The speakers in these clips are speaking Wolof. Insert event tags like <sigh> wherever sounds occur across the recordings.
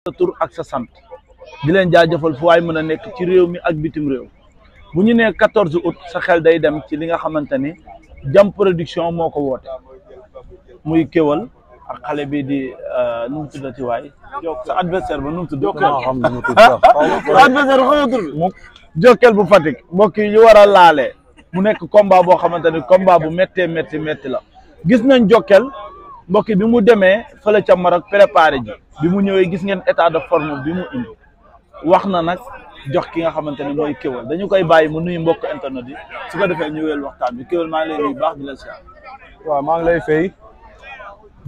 sa tur ak sa sant di leen jaajëfal fu waay mën a nekk ci réew mi ak bitim réew bu ñu nee quatorze août sa xel day dem ci li nga xamante ni jam production moo ko woote muy kéwal ak xale bi di euh, nu mu tuddati waay sa adversaire ba nu mu tudd sa adversaire ba bu Fatick mbokk yi ñu war a laale mu nekk combat boo xamante ni combat bu méttee métti métti la gis nañ Jokkel mbokki bi mu demee fële ca Maroc préparé ji bi mu ñëwee gis ngeen état de forme bi mu indi wax na nag jox ki nga xamante ne mooy kéwél dañu koy bàyyi mu nuyu mbokk internet yi su ko defee ñu waxtaan bi kéwél maa ngi lay nuyu baax di la waaw maa ngi lay fay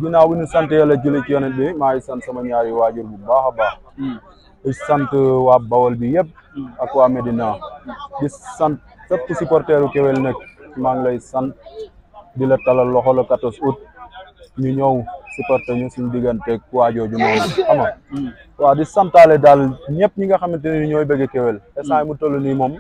ginnaaw bi ñu sant yàlla julli ci yonent bi maa ngi sant sama ñaari waajur bu baax a baax hmm. di sant waa Bawol bi yëpp ak waa Medina di sant fépp supporteru Kéwel nag maa ngi lay sant di la talal loxo le 14 août ñu ñëw supporter ñu suñu diggante waa jooju noonu xam nga waaw di santaale daal ñëpp ñi nga xamante ne ñooy bëgg Kewel instant mu toll nii moom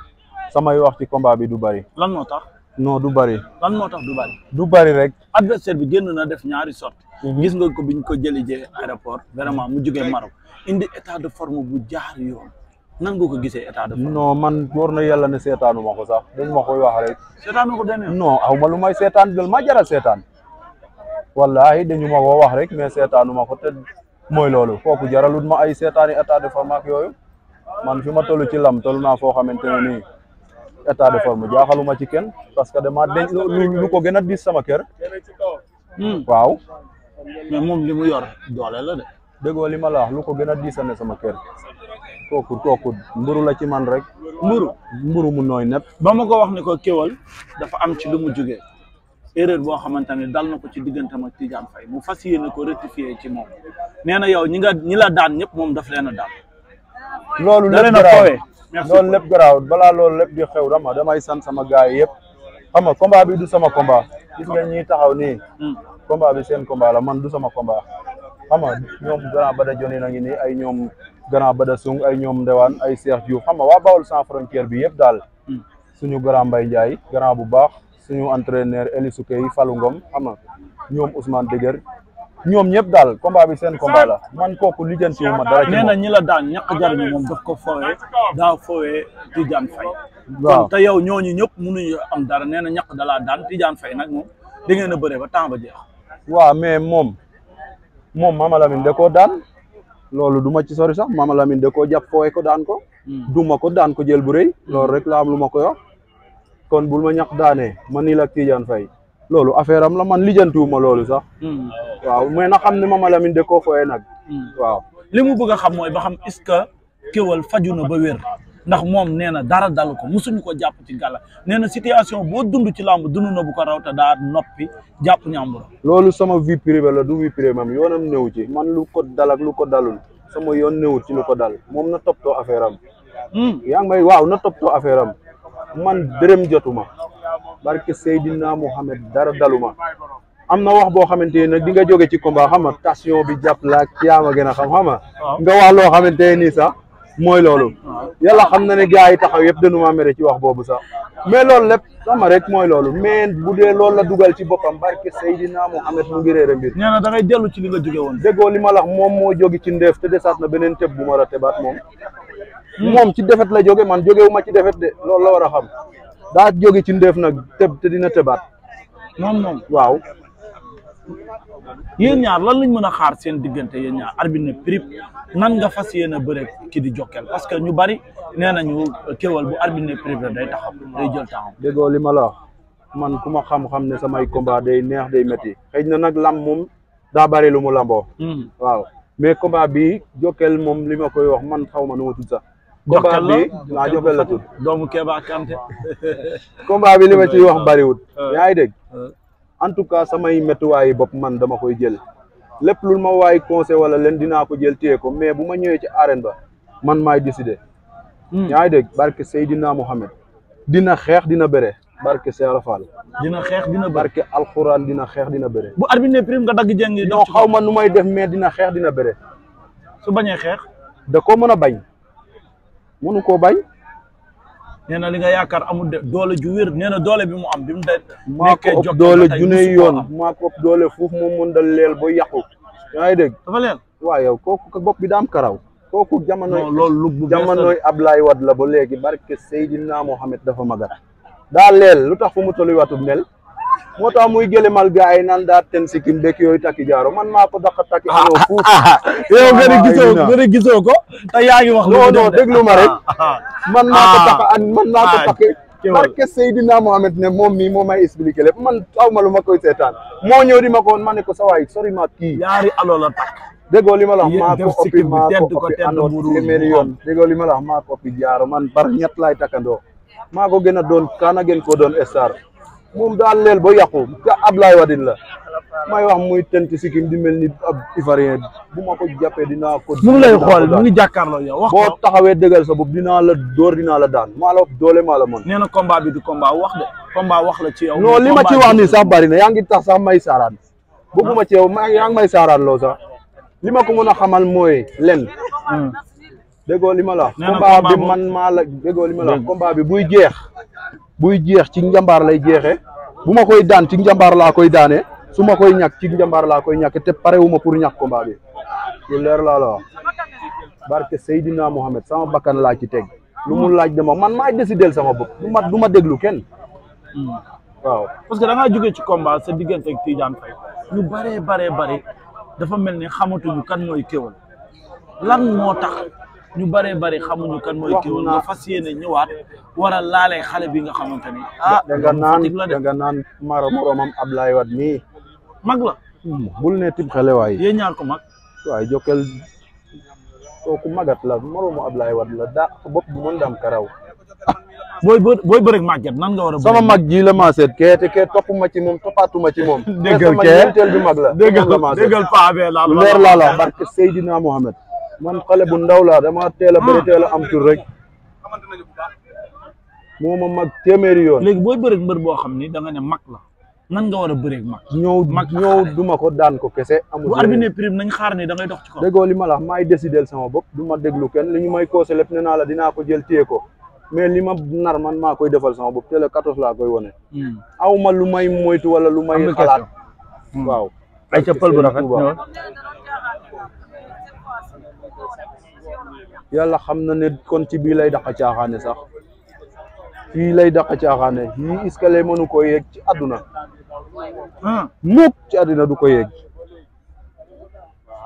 samay wax ci combat bi du bari lan moo tax non du bari lan moo tax du bari du bari rek adversaire bi génn na def ñaari sorte mhm. gis nga ko bi ñu ko jëli jee aéroport vraiment mu jógee Maroc indi état de forme bu jaar yoon nan nga ko gisee état de forme non man war na yàlla ne seetaanu ma ko sax dañ ma koy wax rek seetaanu ko demee non aw ma lu may seetaan dal ma jaral seetaan wallahi dañu ma ko wax rek mais seetaanu ma ko te mooy loolu kooku jaralut ma ay seetaani état de forme ak yooyu man fi ma toll ci lam toll naa foo xamante ne nii état de forme jaaxaluma ci kenn parce que dama denc lu ko gën a diis sama kër. Hmm. waaw. mais moom li mu yor doole la de. li ma la wax lu ko gën a diisane sama kër kooku kooku mburu la ci man rek. mburu mburu mu nooy nepp. ba ma ko wax ni ko kéwal dafa am ci lu mu jóge erreur boo xamante ne dal na ko ci digganteem ak Tidiane Faye mu fas na ko rectifier ci moom nee na yow ñi nga ñi la daan ñëpp moom daf leen a daan. loolu lépp garaaw loolu balaa loolu lépp di xew dama damay san sama gars yi yëpp xam nga combat bi du sama combat gis nga taxaw nii. Hmm. combat bi seen combat la man du sama komba xam nga ñoom grand Bada Joni na ngi nii ay ñoom grand Bada Sung ay ñoom Ndewaan ay Cheikh Diouf xam nga waa Bawol sans frontière bi yëpp daal. Hmm. suñu grand Mbaye Ndiaye grand bu baax. suñu entraîneur Eli Soukey falu ngoom Ngom na ñoom Ousmane Dëgër ñoom ñëpp daal combat bi seen combat la man kooku lijjanti ma dara. nee na ñi la daan ñàkk jariñu moom daf ko fowee daa fowee Tidiane Faye. waaw te yow ñooñu ñëpp mënuñu am dara nee na ñàkk da laa daan Tidiane Faye nag moom da a bëree ba temps waaw mais moom moom Mama Lamine da koo daan loolu duma ci sori sax Mama Lamine da koo jàpp fowee ko daan ko. Hmm. duma ko daan ko jël bu rëy. loolu rek la am lu ma koy wax. kon bul ma ñax daane ma nii la Tidiane Faye loolu affaire am la man lijjantiwuma loolu sax. Hmm. waaw mais na xam ne Mama Lamine de koo fooyee nag. Hmm. waaw li mu bëgg a xam mooy ba xam est-ce que Keweul faju na ba wér ndax moom nee na dara dalu ko musuñu ko jàpp ci gàlla nee na situation boo dund ci làmb dund na bu ko raw te daa noppi jàpp ñàmbur. loolu sama vie privée la du vie privée mam yoonam néew ci man lu ko dal ak ko dalul sama yoon néewut ci lu ko dal moom na toppatoo affaire am. Hmm. yaa ngi waaw na topp affaire am. man dërëm jotuma barke Seydina Mohamed dara daluma am na wax boo xamante ne nag nga jóge ci combat xam nga tension bi jàpp la yaa ma gën a xam xam nga nga wax loo xamante ne nii sax mooy loolu yàlla xam na ne gaa yi taxaw yëpp dañu maa mere ci wax boobu sax mais loolu lépp sama rek mooy loolu mais bu dee loolu la dugal ci boppam barke Seydina Mohamed mu ngi réere mbir. nee na da ngay dellu ci li nga jóge woon. déggoo li ma la wax moom moo jóge ci ndeef te desaat na beneen tëb bu ma la tebaat moom. moom ci defet la jóge man jógewu ma ci defet de lool la war a xam daa jóge ci ndéef nag tëb te dina tëbaat moom moom waaw yéen ñaar lan lañ mën a xaar seen diggante yéen ñaar arbitre na prip nan nga fas yéen a bëre ki di Jokkel parce que ñu bari nee nañu euh, kéwal bu arbitre na prip la day taxaw day jël taxaw déggoo li ma la wax man ku ma xam-xam ne samay combat day neex day métti xëy na nag lamb moom daa bari lu mu lamboo hmm. waaw mais combat bi Jokkel moom li ma koy wax man xaw ma nu ma sax combat bi laa jobel la tur doomu Keba Kanté <laughs> combat bi li ma ciy wax bariwut yaa ngi dégg en tout cas samay métuwaayi bopp man dama koy jël lépp lu ma waay conseil wala leen dinaa ko jël téye ko mais bu ma ñëwee ci arène ba man maay décider hmm. yaa ngi dégg barke Seydina Mohamed dina xeex dina bëre barke Seydina Fall dina xeex dina bëre barke dina xeex dina bëre bu arbitre ne prime nga dagg jëng non xaw ma nu may def mais dina xeex dina bëre su bañee xeex da koo mën a bañ mënu koo bañ. nee na li nga yaakaar amul de doole ju wér nee na doole bi mu am bi mu de. maa ko ëpp doole junne yoon maa ko doole foofu moom mën da leel ba yàqu. yaa ngi dégg dafa leen waaw yow kooku bopp bi daam karaw. kooku jamonoy loolu lu jamonoy Ablaye Wade la ba léegi barke Seydina Mohamed dafa magat daa leel lu tax fu mu tolluwaatu mel. moo tax muy gëlëmal gars yi naan daa ten sikkim bekk yooyu takki jaaro man maa ko daq takki jaaro ah, ah, fuuf ah, yow nga ne gisoo nga ne gisoo ko te yaa ngi wax non non déglu ma rek man maa ko daq an man maa ko takki barke Seydina Mohamed ne moom mii moo may expliqué lépp man aw ma lu ma koy seetaan moo ñëw di ma ko woon ma ne ko sa waay sori ma kii alo la li la wax maa ko oppi maa ko oppi andoon yoon li ma la wax maa ko oppi jaaro man bar ñett laay takkandoo maa ko gën a doon kaana gen koo doon star moom daal leel ba yàqu ab Ablaye Wadine la may wax muy tent sikkim di mel ni ab ivoirien bu ma ko jàppee dinaa ko. mu ngi lay xool ngi jàkkaarloo yow. wax boo taxawee dëggal sa bopp dinaa la dóor dinaa la daan maa la doole maa la mën. nee na combat bi du combat wax de wax la ci yow. non li ma ci wax nii sax bari na yaa ngi tax sax may saaraan. bëgguma ah. ci yow yaa ngi may saaraan loo sax li ma ko mën a xamal mooy lenn. Hmm. déggoo li ma la wax. combat bi man maa la déggoo li ma la komba bi buy jeex. buy jeex ci njambaar lay jeexee bu ma koy daan ci njambaar laa koy daane su ma koy ñàkk ci njambaar laa koy ñàkk te parewuma pour ñàkk combat bi leer laa la wax barke Seydina Mohamed sama bakkan laa ci teg lu mu laaj dama man maa décidé sama bopp du ma du ma déglu kenn waaw parce que da ngaa jógee ci combat sa diggante ak Tidiane Faye ñu baree baree bare dafa mel ni xamatuñu kan mooy kéwal lan moo tax ñu bëree bëri xamuñu kan mooy Kewel nga fas yéene ñëwaat war a laalee xale bi nga xamante ni. ah, ah da nga naan da nga naan mara moromam Ablaye Wade mii. mag la. Hmm, bul ne tib xale waay. yéen ñaar ko mag. waaye Jokal kooku magat la moromu Ablaye Wade la daa bopp bu mën daam karaw. booy bë booy bëreeg màgget nan nga war a. sama mag ji la maa seet toppuma ci moom toppaatuma ci moom. <laughs> déggal kee teel bi mag la déggal déggal paa bee la leer laa la barke Seydina Mohamed. man xale bu ndaw laa dama teel a bëri ah. teel a am tur rek moo ma mag téeméeri yoon. léegi booy bëreeg mbër boo xam ne da ne mag la nan nga war a bëreeg mag. ñëw ñëw du ma ko daan ko kese. amul bu arbitre prime nañ xaar ne da dox ci li ma la wax maay décider sama bopp du ma déglu kenn li ñu may koose lépp nee naa la dinaa ko jël téye ko mais li ma nar man maa koy defal sama bopp te le 14 laa koy wane. Hmm. aw ma lu may moytu wala lu may. xalaat hmm. waaw. ay ca pël bu rafet yàlla xam na ne kon ci bii lay daqa caaxaane sax fii lay daqa caaxaane yii escalier mënu koo yegg ci àdduna mukk ci àddina du ko yegg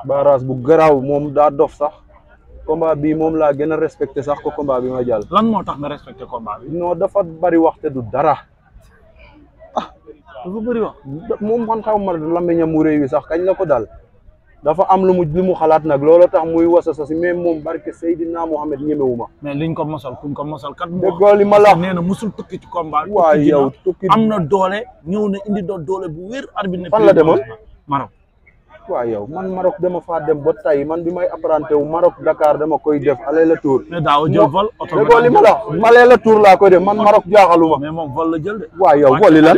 barrage bu garaaw moom daa dof sax combat bii moom laa gën a respecté sax ko combat bi ma jàll lan moo tax nga respecté combat bi non dafa bari waxte du dara ah dafa bari wax moom man xaw ma làmmiñam mu réew yi sax kañ la ko dal dafa am lu mu lu mu xalaat nag looloo tax muy wasasa si mais moom barke Seydina Mohamed ñemewu ma. mais liñ ko mosal kuñ ko mosal kat. dëgg li ma la nee na musul tukki ci combat. waaw yow tukki am na doole. ñëw na indi doon doole bu wér. arbitre fan la demoon Maroc. waaw yow man Maroc dama faa dem ba tay man bi may apprenti wu Maroc Dakar dama koy def aller retour. mais daaw jël vol oto dëgg li ma la ma laa koy def man Maroc jaaxaluma. mais moom vol la jël de. waaw yow voli lan.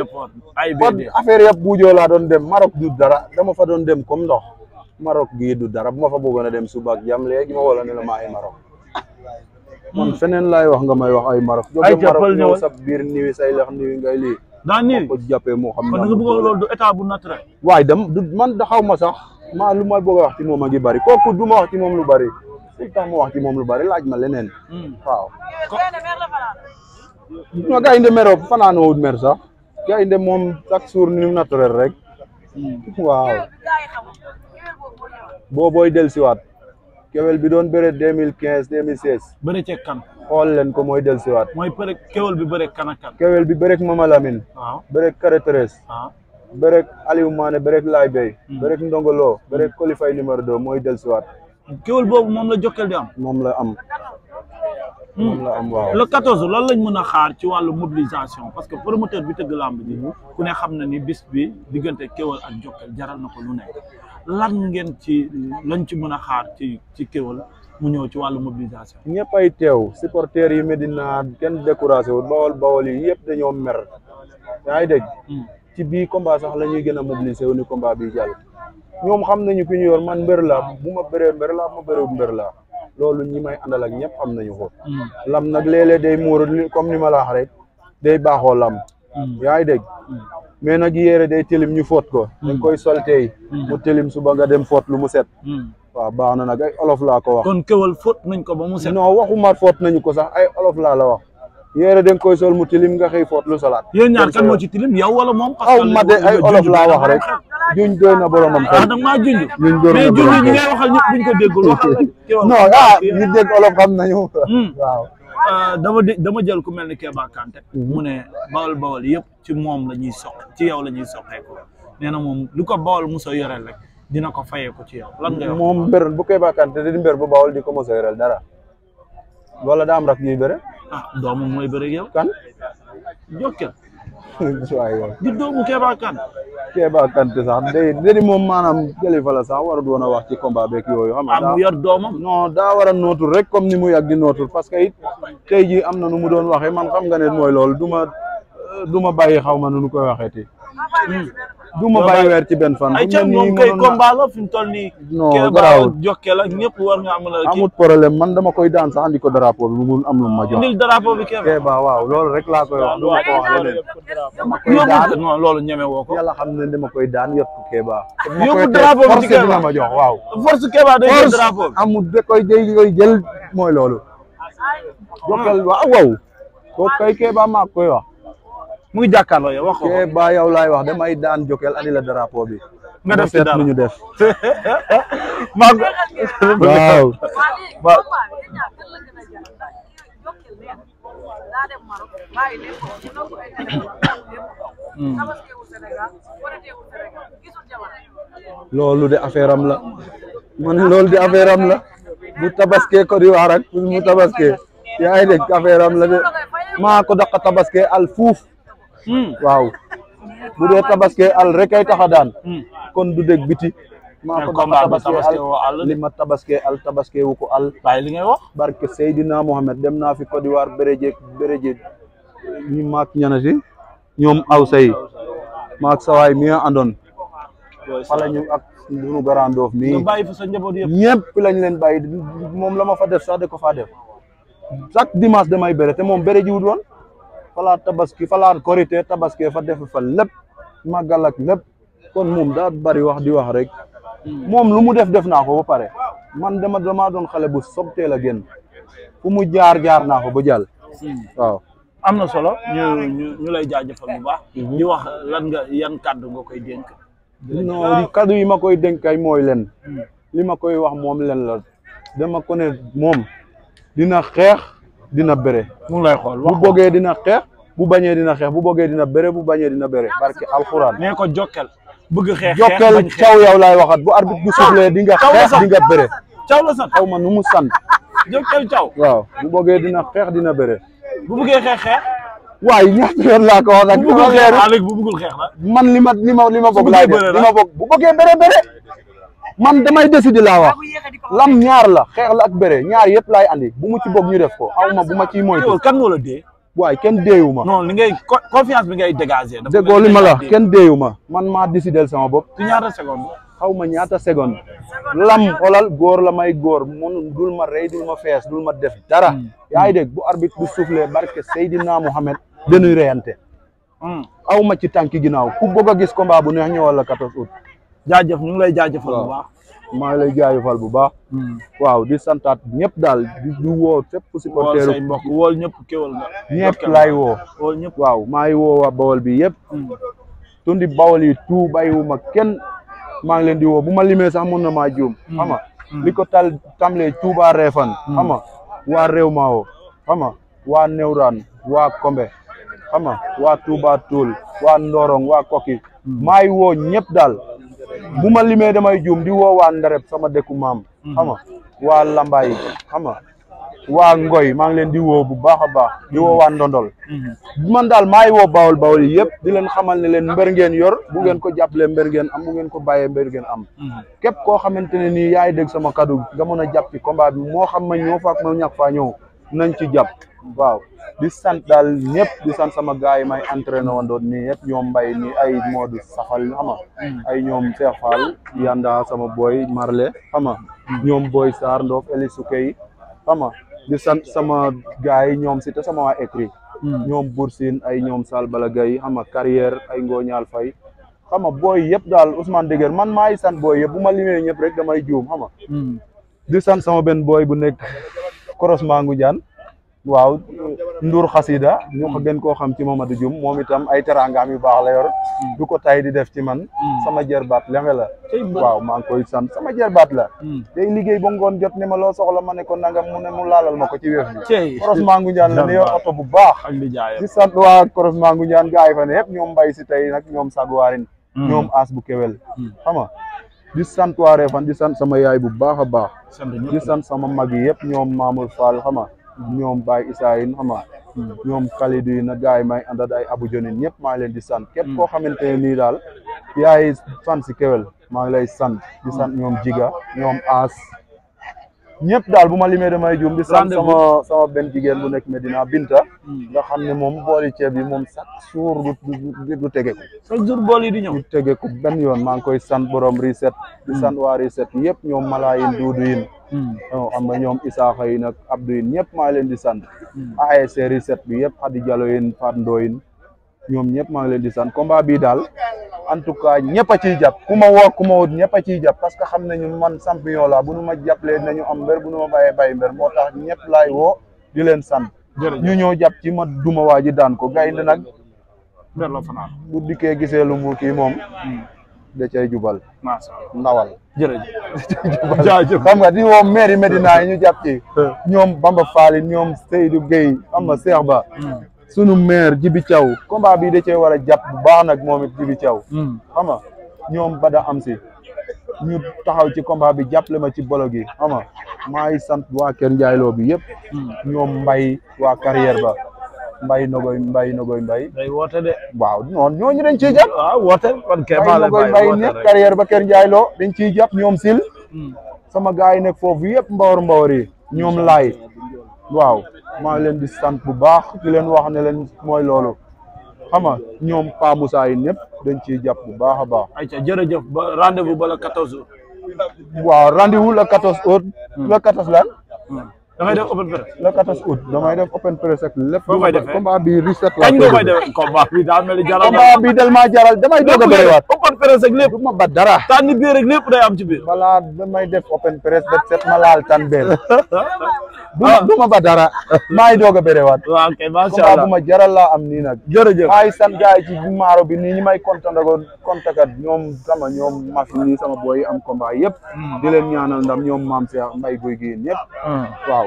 ay affaire yëpp buujoo laa doon dem Maroc du dara dama fa doon dem comme ndox Maroc gii du dara bu ma fa bëggoon a dem suba ak jàmm léegi ma wala ne la maa ay Maroc man feneen laay wax nga may wax ay Maroc jóge Maroc ñëw sa biir niwi say lex moo xam kon nga bëgg du état bu naturel waaye dem du man xaw ma sax maa lu ma bëgg wax ci moom a ngi bëri kooku du ma wax ci moom lu bëri li tax moom lu bëri laaj ma leneen hmm. waaw ma gaynde meroo fanaan wut mer sax gaynde moom chaque jour ni naturel rek hmm. waaw boo booy dellusiwaat kewel bi doon bëre deux mille quinze deux mille seize. bëre ceeg kan. xool leen ko mooy dellusiwaat. mooy bëre kewel bi bëre kan ak kan. kewel bi bëre Mama Lamine. waaw bëre Karateres. waaw bëre Aliou Mané bëre Laay Bey. Hmm. bëre Ndongolo bëre Kolifay numéro deux mooy dellusiwaat. kewel boobu moom la Jokal di am. moom la am. Hmm. moom am waaw. le quatorze lan lañ mën a xaar ci wàllu mobilisation parce que promoteur bi tëgg làmb ji. Hmm. ku ne xam na ni bis bi diggante kewel ak Jokal jaral na ko lu nekk. lan ngeen ci lañ ci mën a xaar ci ci Kéweul mu ñëw ci wàllu mobilisation. ñëpp ay teew supporters yi Medina kenn découragé wul bawol bawol yi yëpp dañoo mer yaa ngi dégg. Hmm. ci biir combat sax la ñuy gën a mobiliser wu ni combat bi jàll. ñoom xam nañu ki ñu yor man mbër laa bu ma bëree mbër laa ma bëreewul mbër laa loolu ñi may àndal ak ñëpp xam nañu ko. Hmm. lam nag léeg-léeg day muur comme ni ma la wax rek day baaxoo lam Mm. yaa ngi dégg mm. mais nag yére day tilim ñu foot ko mm. dañ koy soltey mu tilim suba nga dem foot lu mu set waaw baax na olof laa ko wax kon foot nañ ko ba mu set non waxuma foot nañu ko sax ay olof laa la wax yére da koy sol mu tilim nga xëy foot lu salaat yéen ñaar kan moo ci tilim yow wala moom aw ma ay olof laa wax rek juñ doy na boromam tam ah, da maa na boromam mais junj ñi ngay waxal ñëpp buñ ko déggul <laughs> ah ñu dégg olof xam nañu waaw Euh, dama dama jël ku mel ni Keba kante mhm. mu ne bawal bawal yëpp ci moom la ñuy soq ci yow la ñuy soqee ko nee na moom lu ko bawal muso yoreel rek dina ko fayeeku ci yow lan nga moom mbër bu Keba Kanté di mbër bu bawal di ko muso yoreel dara wala daa rak ñuy bëre ah doomam mooy bëre yow kan jokkel di doomu Kéba Kane. Kéba Kane te sax day déedéet moom maanaam kilifa la sax warut woon a wax ci combat beeg yooyu. xam nga mu yor daa war a rek comme ni mu yàgg di nootul parce que it tey jii am na nu mu doon waxee man xam nga ne mooy loolu du ma du ma bàyyi xaw ma nu nu koy ti Mm. du ma bàyyi weer ci benn fan. ay ca moom kay combat la fi nii. non ñëpp war nga amal. amut problème man dama koy daan sax andi ko drapeau bi mu mun am lu ma jox. ndil waaw loolu rek laa koy waaw ko wax leneen. koy daan loolu ñeme woo ko. yàlla xam ne dama koy daan yot ko Kéba. yóbbu drapeau bi ci ma jox waaw. force Kéba day jël drapeau bi force mooy loolu. jokkal waaw waaw. ko kay Kéba maa koy wax. muy jàkkaarloo yow wax ko kee ba yow laay wax damay daan jokel andi la drapeau bi. nga def si dara ñu def. <laughs> waaw. loolu de affaire am la man loolu de affaire la bu tabaskee ko di wax rek mu tabaskee yaa ngi dégg la de maa ko dàqa tabaskee al fuuf. Hmm. waaw bu dee tabaske àll rek ay tax a daan hmm. kon du dégg biti maa ko ma tabaske al li ma tabaske al tabaske ko al li ngay wax barke Seydina Mohamed dem naa fi Côte d'Ivoire béréje béréje ñu maak ñana si ñoom aw say maak sawaay mi nga àndoon fala ñu ak dunu garandoof mi ñëpp lañ leen bàyyi moom la ma fa def sax de ko faa def chaque dimanche damay béré te moom béré ji woon fa tabaski falaat korite korité fa def fa lépp màggal ak lépp kon moom daal bari wax di wax rek moom lu mu def def naa ko ba pare man dama damaa doon xale bu sobteel la génn fu mu jaar jaar naa ko bu jàll waaw na solo ñu lay jaajëfal bu baax mhm. di wax lan nga yan kàddu nga koy dénk non kàddu yi ma koy ay mooy leen hmm. li ma koy wax moom leen la dama ko ne moom dina xeex dina bëre. mu lay xool bu bëggee dina xeex bu bañee dina xeex bu bëggee dina bëre bu bañee dina bëre barke alxuraan. nee ko jokkel bëgg xeex xeex jokkel caw yow laay waxat bu arbitre bu ah, soufflé di nga xeex di nga bëre. caw la sant xaw ma nu mu sant. jokkel caw waaw bu bëggee dina xeex dina bëre. bu bëggee xeex xeex. waaye ñaata yoon laa ko wax ma li ma li ma bëgg laa def ma bëgg bu bëggee bëre bëre man damay décider laa wax lam ñaar la xeex la ak bëre ñaar yëpp laay andi bu mu ci bokk ñu def ko xaw ma bu ma ciy moytu. kan moo la dee. waaye kenn deewu ma. non li ngay confiance bi ngay dégager. déggoo li ma la kenn deewu ma man maa décider sama bopp. ci ñaata seconde. xaw ma ñaata seconde. lam xoolal góor la may góor mun dul ma rey dul ma fees dul ma def dara. Hmm. yaa ngi dégg bu arbitre bu soufflé barke Seydina Mohamed. dañuy reyante. Hmm. aw ma ci tànki ginnaaw ku bëgg a gis ko mbaa bu neex ñëwal la 14 août. jaajëf ñu ngi lay jaajëfal bu baax maa ngi lay jaajëfal bu baax hmm. waaw di santaat ñëpp daal di woo fépp supporteeru mbokk wool ñëpp kéwal nga ñëpp laay woo wool waaw maa woo waa bawol bi yëpp hmm. tundi bawol yi tout bàyyiwuma kenn maa ngi leen di woo bu ma limee sax mën na maa juum hmm. xam li ko tal tamlee Touba Refane xam nga waa réew woo xam waa Newraan waa Kombe xam waa Touba Toul waa Ndorong waa Koki maa woo ñëpp daal bu ma limee damay juum di woo waa sama dëkku maam. Mm. xam waa Lambaay xam nga waa Ngoy maa ngi leen di woo bu baax a baax di woo waa Ndondol. Mm-hmm. man daal maay woo bawol bawol yi yëpp di leen xamal ne leen mbër ngeen yor bu ngeen ko jàppalee mber ngeen am bu ngeen ko bàyyee mbër ngeen am. Mm-hmm. képp koo xamante ne nii yaay dégg sama kaddu nga mën a jàpp ci bi moo xam ma ñëw faak ma ñàkk faa ñëw. nañ ci jàpp waaw di sant daal ñëpp di sant sama gars yi may entraîné woon doon nii yëpp ñoom mbay nii ay Modou Saxal xama ay ñoom Cheikh Fall yanda sama booy Marle xama ñoom booy Sarr Ndof Eli Soukey xama di sant sama gars yi ñoom si te sama waa écrit hmm. ñoom Boursine ay ñoom Sall Bala Gaye xama carrière ay Ngooñaal Fay xama booy yëpp daal Ousmane Degueur man maay sant booy yëpp bu ma limee ñëpp rek damay juum xama hmm. di sant sama benn booy bu nekk Koros Mangu Jaan waaw Ndour Xasida mm. ñu ko gën koo xam ci Mamadou Dioum moom itam ay teraangaam yu baax la yor mm. du ko tay di def ci man mm. sama jërbaat leme la waaw maa ngi koy sant sama baat la day liggéey bo ngoon jot ne ma loo soxla ma ne ko nangam mu ne laalal ma ko ci wéef bi Koros Mangu Jaan la ne yor oto bu baax di sant waa Koros Mangu Jaan gaay fa ne yëpp ñoom mbay si tey nag ñoom saguwaarin ñoom aas bu kewel xam di sant waa Réfane di sant sama yaay bu baax a baax. di sant sama mag yi yëpp ñoom Mamour Fall xama mm-hmm. ñoom Baye Issa yi xama mm-hmm. ñoom Khalidou na gars yi may àndaat ay abu jonin ñëpp maa leen di sant. képp koo mm-hmm. xamante ne nii daal yaay san si Kewel maa ngi lay san di sant ñoom Jiga ñoom As. ñëpp daal bu ma limee damay juum di sant sama sama benn jigéen bu nekk Medina Binta hmm. nga xam ne moom booli ceeb yi moom chaque jour du du tegeeku chaque jour yi di ñëw du tegeeku benn yoon maa ngi koy sant borom reset di hmm. sant waa reset yëpp ñoom malaayin duudu yin hmm. o oh, xam nga ñoom Isaaxa yi nag Abdou yin ñëpp maa leen di sant ASC reset bi yëpp Xadi Jalo yin Fat Ndoo yin ñoom ñëpp maa ngi leen di sant combat bii daal en tout cas ñëpp ciy jàpp ku ma woo ku ma ñëpp ciy jàpp parce que xam nañu man champion laa bu nu ma jàppalee nañu am mbër bu nu ma bàyyee bàyyi mbër moo tax ñëpp laay woo di leen sant ñu ñëw jàpp ci ma duma waa ji daan ko gaynde nag bu dikkee gisee lu mu kii moom hmm. da cay jubal ndawal jërëjëf <laughs> xam nga di woo maire Medina yi ñu jàpp ci hmm. ñoom Bamba Fall ñoom Seydou Gueye xam nga hmm. Cheikh Ba sunu maire Jibi Thiaw combat bi da cee war a jàpp bu baax nag moom it Jibi Thiaw hmm. ama nga ñoom bada am si ñu taxaw ci combat bi jàppale ma ci bolo gi ama nga maa ngi sant waa Kër Ndiaye bi yëpp hmm. ñoom mbay waa carrière ba mbay nogoy mbay nogoy mbay woote waaw noonu ñooñu dañ ciy jàpp ah, woote kon kay mbay nogoy ba Kër Ndiaye dañ ciy jàpp ñoom sil hmm. sama gars yi nekk foofu yëpp mbawar mbawar ñoom laay waaw maa leen di sant bu baax di leen wax ne leen mooy loolu xam nga ñoom Pa Moussa yi ñëpp dañ ciy jàpp bu baax a baax. ayca jërëjëf ba rendez vous bala la 14 waaw rendez vous la 14 heures. la 14 lan. damay def open press. le 14 août damay def open press ak lépp. koy defee combat bi reset la. kañ nga koy defee combat bi daa mel ni jaral combat bi del maa jaral damay doog a bëriwaat. open press ak lépp du ma ba dara. tànn biir rek lépp day am ci biir. balaa damay def open press ba set ma laal tànn biir. <laughs> du ma ba dara. maa ngi doog a bëriwaat. <laughs> waaw kay macha allah combat bu ma jaral laa am nii nag. jërëjëf maa ngi sant gars yi ci bu maaro bi nii ñi may contact ak contact ak ñoom sama ñoom ma fi nii sama boy am combat yëpp. Hmm. di leen ñaanal ndam ñoom maam si mbay guy gi ñëpp hmm. waaw